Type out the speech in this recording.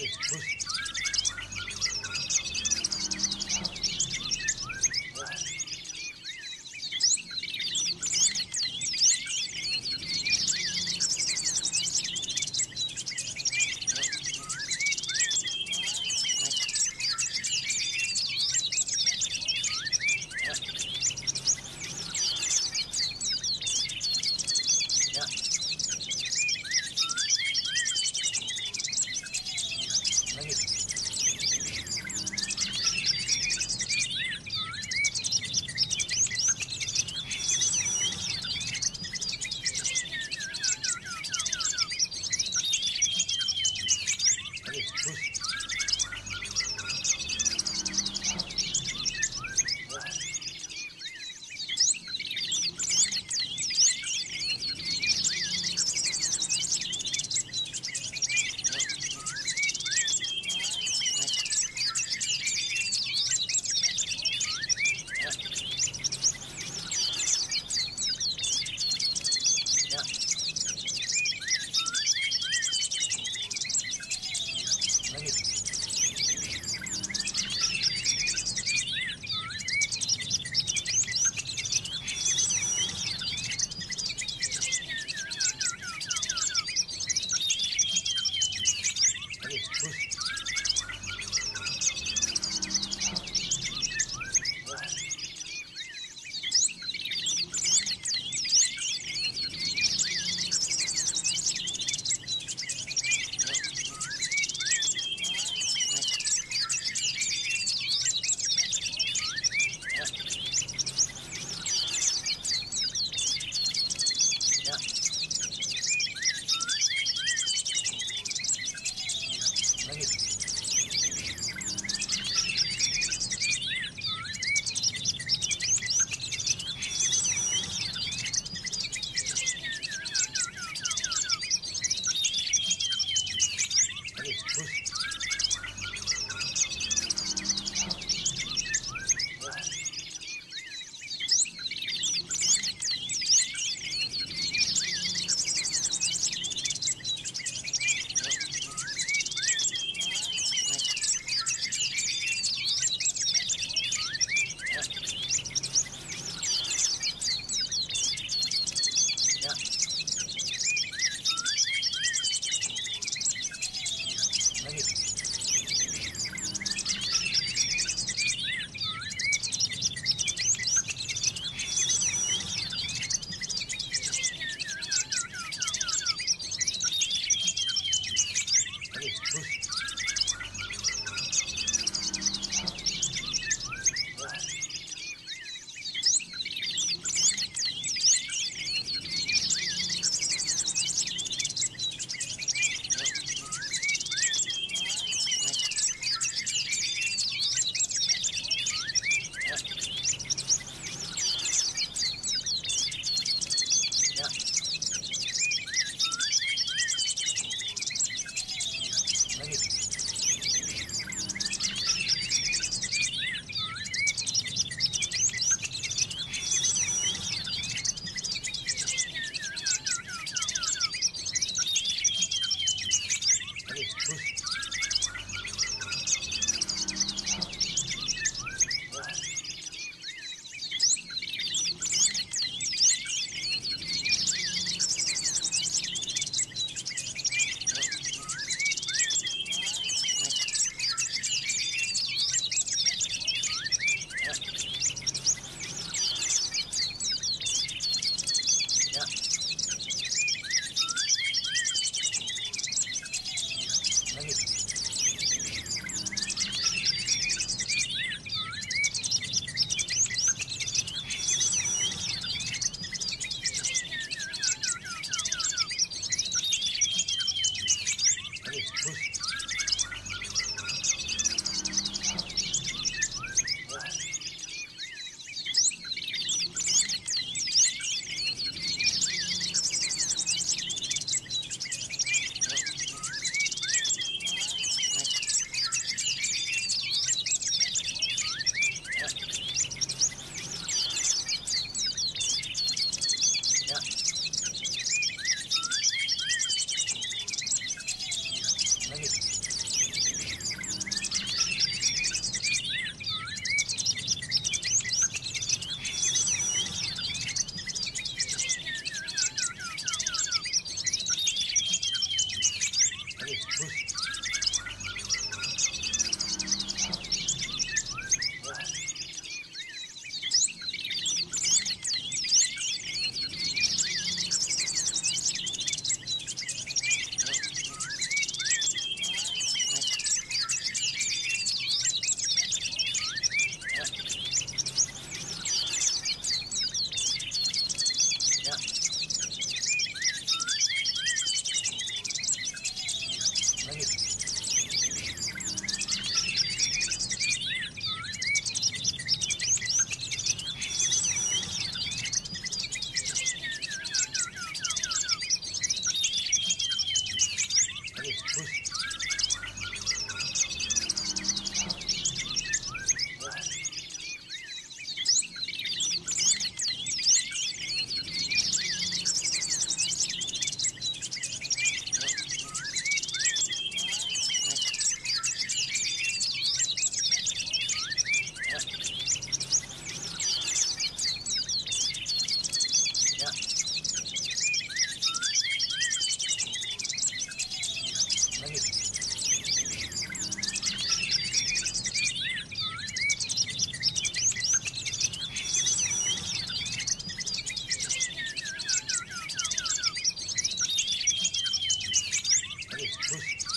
Push. Puxa. Push.